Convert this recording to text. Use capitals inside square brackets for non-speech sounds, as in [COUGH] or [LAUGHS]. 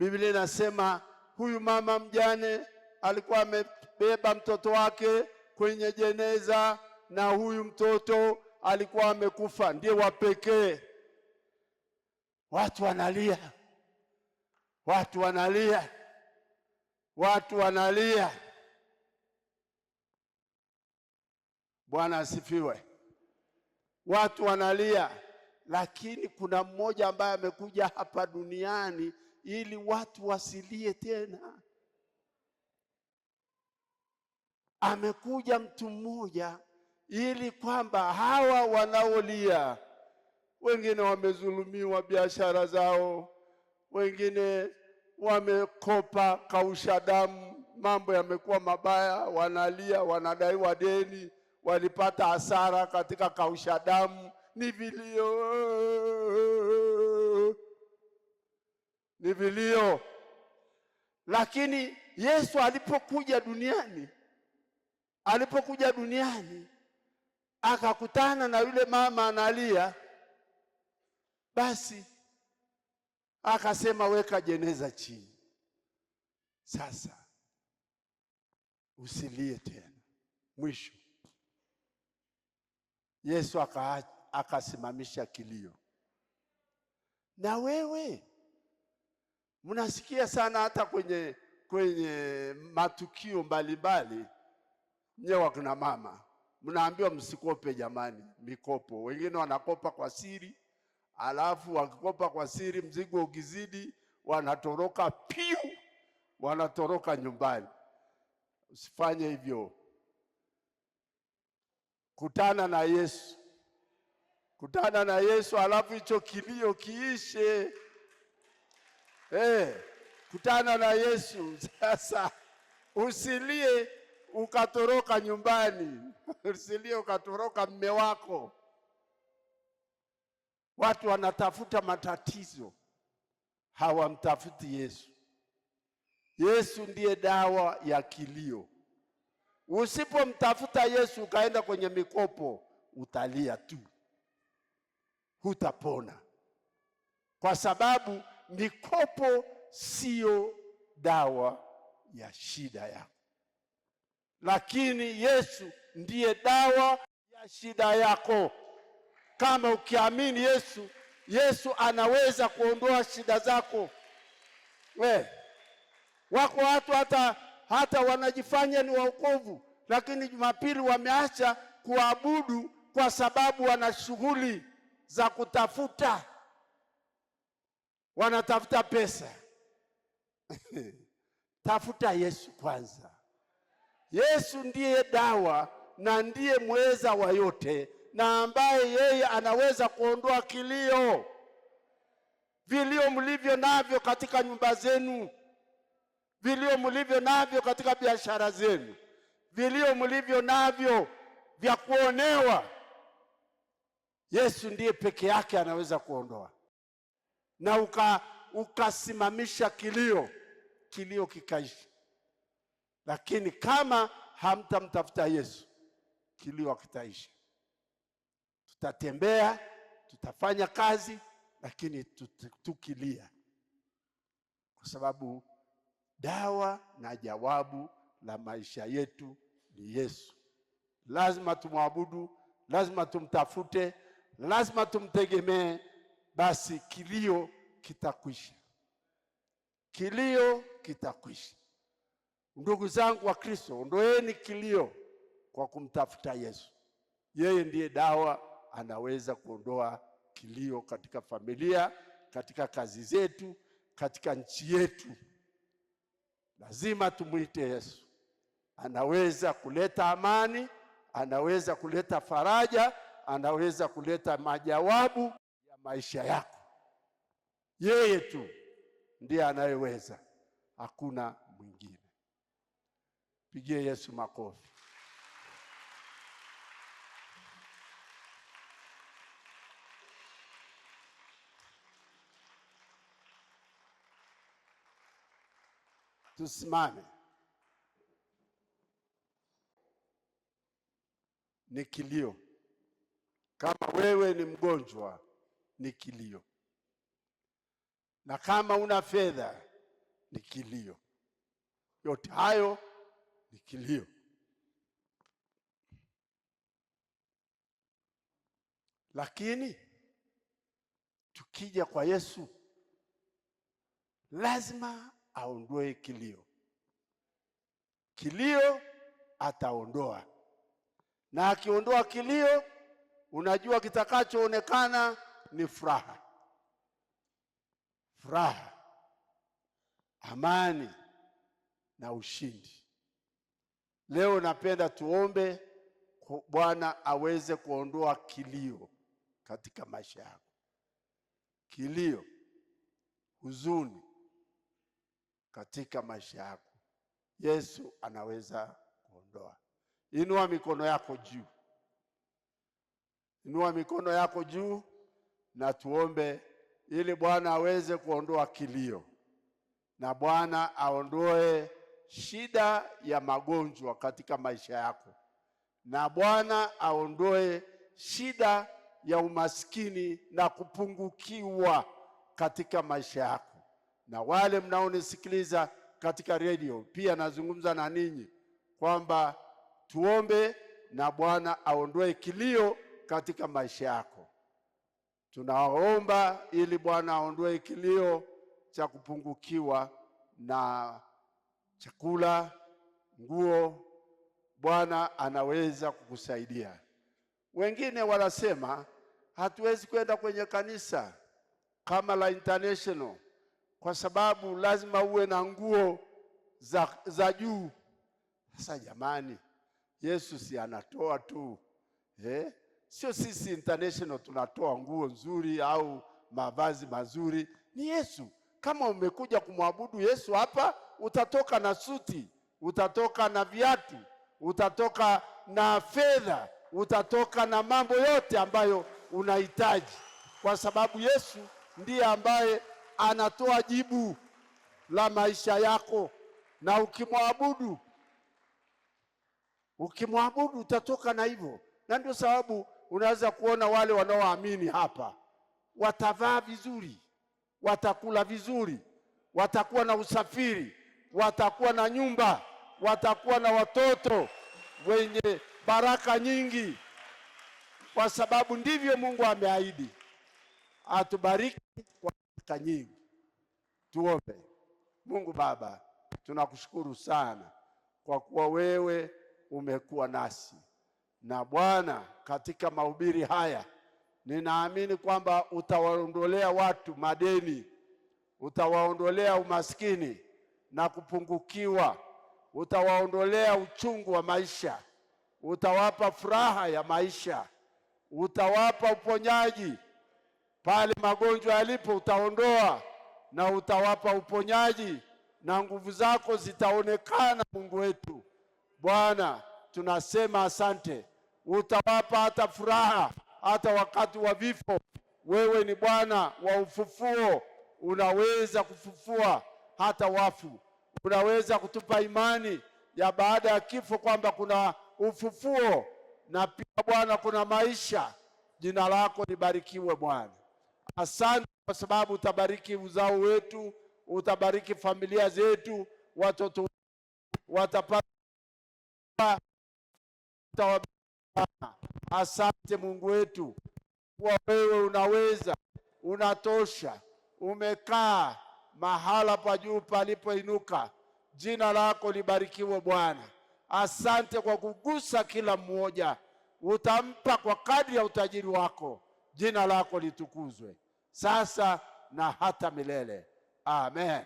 Biblia inasema huyu mama mjane alikuwa amebeba mtoto wake kwenye jeneza, na huyu mtoto alikuwa amekufa, ndiye wa pekee. Watu wanalia, watu wanalia, watu wanalia. Bwana asifiwe. Watu wanalia, lakini kuna mmoja ambaye amekuja hapa duniani ili watu wasilie tena. Amekuja mtu mmoja ili kwamba hawa wanaolia, wengine wamezulumiwa biashara zao, wengine wamekopa kausha damu, mambo yamekuwa mabaya, wanalia, wanadaiwa deni, walipata hasara katika kausha damu, ni vilio ni vilio. Lakini Yesu alipokuja duniani, alipokuja duniani akakutana na yule mama analia, basi akasema weka jeneza chini, sasa usilie tena. Mwisho Yesu akasimamisha kilio. Na wewe Mnasikia sana hata kwenye kwenye matukio mbalimbali, nyewe wakina mama mnaambiwa msikope jamani, mikopo. Wengine wanakopa kwa siri, alafu wakikopa kwa siri, mzigo ukizidi, wanatoroka piu, wanatoroka nyumbani. Usifanye hivyo, kutana na Yesu, kutana na Yesu, alafu hicho kilio kiishe. Hey, eh, kutana na Yesu [LAUGHS] sasa, usilie ukatoroka nyumbani, [LAUGHS] usilie ukatoroka mme wako. Watu wanatafuta matatizo, hawamtafuti Yesu. Yesu ndiye dawa ya kilio. Usipomtafuta Yesu ukaenda kwenye mikopo, utalia tu, hutapona kwa sababu mikopo siyo dawa ya shida yako, lakini Yesu ndiye dawa ya shida yako. Kama ukiamini Yesu, Yesu anaweza kuondoa shida zako. We, wako watu hata, hata wanajifanya ni waokovu, lakini Jumapili wameacha kuabudu kwa sababu wana shughuli za kutafuta wanatafuta pesa. [LAUGHS] Tafuta Yesu kwanza. Yesu ndiye dawa na ndiye mweza wa yote, na ambaye yeye anaweza kuondoa kilio, vilio mlivyo navyo katika nyumba zenu, vilio mlivyo navyo katika biashara zenu, vilio mlivyo navyo vya kuonewa. Yesu ndiye peke yake anaweza kuondoa na uka, ukasimamisha kilio, kilio kikaishi Lakini kama hamtamtafuta Yesu, kilio kitaishi. Tutatembea, tutafanya kazi, lakini tukilia, kwa sababu dawa na jawabu la maisha yetu ni Yesu. Lazima tumwabudu, lazima tumtafute, lazima tumtegemee basi kilio kitakwisha, kilio kitakwisha. Ndugu zangu wa Kristo, ondoeni kilio kwa kumtafuta Yesu. Yeye ndiye dawa, anaweza kuondoa kilio katika familia, katika kazi zetu, katika nchi yetu. Lazima tumwite Yesu. Anaweza kuleta amani, anaweza kuleta faraja, anaweza kuleta majawabu maisha yako. Yeye tu ndiye anayeweza, hakuna mwingine. Pigie Yesu makofi. Tusimame. Ni kilio. Kama wewe ni mgonjwa ni kilio, na kama una fedha ni kilio. Yote hayo ni kilio. Lakini tukija kwa Yesu lazima aondoe kilio. Kilio ataondoa, na akiondoa kilio, unajua kitakachoonekana ni furaha, furaha, amani na ushindi. Leo napenda tuombe Bwana aweze kuondoa kilio katika maisha yako, kilio, huzuni katika maisha yako. Yesu anaweza kuondoa. Inua mikono yako juu, inua mikono yako juu na tuombe ili Bwana aweze kuondoa kilio na Bwana aondoe shida ya magonjwa katika maisha yako, na Bwana aondoe shida ya umaskini na kupungukiwa katika maisha yako. Na wale mnaonisikiliza katika redio, pia nazungumza na ninyi kwamba tuombe na Bwana aondoe kilio katika maisha yako. Tunaomba ili Bwana aondoe kilio cha kupungukiwa na chakula, nguo. Bwana anaweza kukusaidia. Wengine wanasema hatuwezi kwenda kwenye kanisa kama la International kwa sababu lazima uwe na nguo za, za juu. Sasa jamani, Yesu si anatoa tu eh? sio sisi international tunatoa nguo nzuri au mavazi mazuri, ni Yesu. Kama umekuja kumwabudu Yesu hapa, utatoka na suti, utatoka na viatu, utatoka na fedha, utatoka na mambo yote ambayo unahitaji, kwa sababu Yesu ndiye ambaye anatoa jibu la maisha yako, na ukimwabudu ukimwabudu utatoka na hivyo, na ndio sababu unaweza kuona wale wanaoamini hapa watavaa vizuri, watakula vizuri, watakuwa na usafiri, watakuwa na nyumba, watakuwa na watoto wenye baraka nyingi, kwa sababu ndivyo Mungu ameahidi. Atubariki kwa baraka nyingi. Tuombe. Mungu Baba, tunakushukuru sana kwa kuwa wewe umekuwa nasi na Bwana katika mahubiri haya, ninaamini kwamba utawaondolea watu madeni, utawaondolea umaskini na kupungukiwa, utawaondolea uchungu wa maisha, utawapa furaha ya maisha, utawapa uponyaji pale magonjwa yalipo, utaondoa na utawapa uponyaji na nguvu zako zitaonekana. Mungu wetu Bwana, tunasema asante utawapa hata furaha, hata wakati wa vifo. Wewe ni Bwana wa ufufuo, unaweza kufufua hata wafu, unaweza kutupa imani ya baada ya kifo kwamba kuna ufufuo na pia Bwana kuna maisha. Jina lako libarikiwe Bwana. Asante kwa sababu utabariki uzao wetu, utabariki familia zetu, watoto watapata Bwana, asante Mungu wetu kuwa wewe unaweza, unatosha, umekaa mahala pa juu palipoinuka. Jina lako libarikiwe Bwana. Asante kwa kugusa kila mmoja, utampa kwa kadri ya utajiri wako. Jina lako litukuzwe sasa na hata milele. Amen.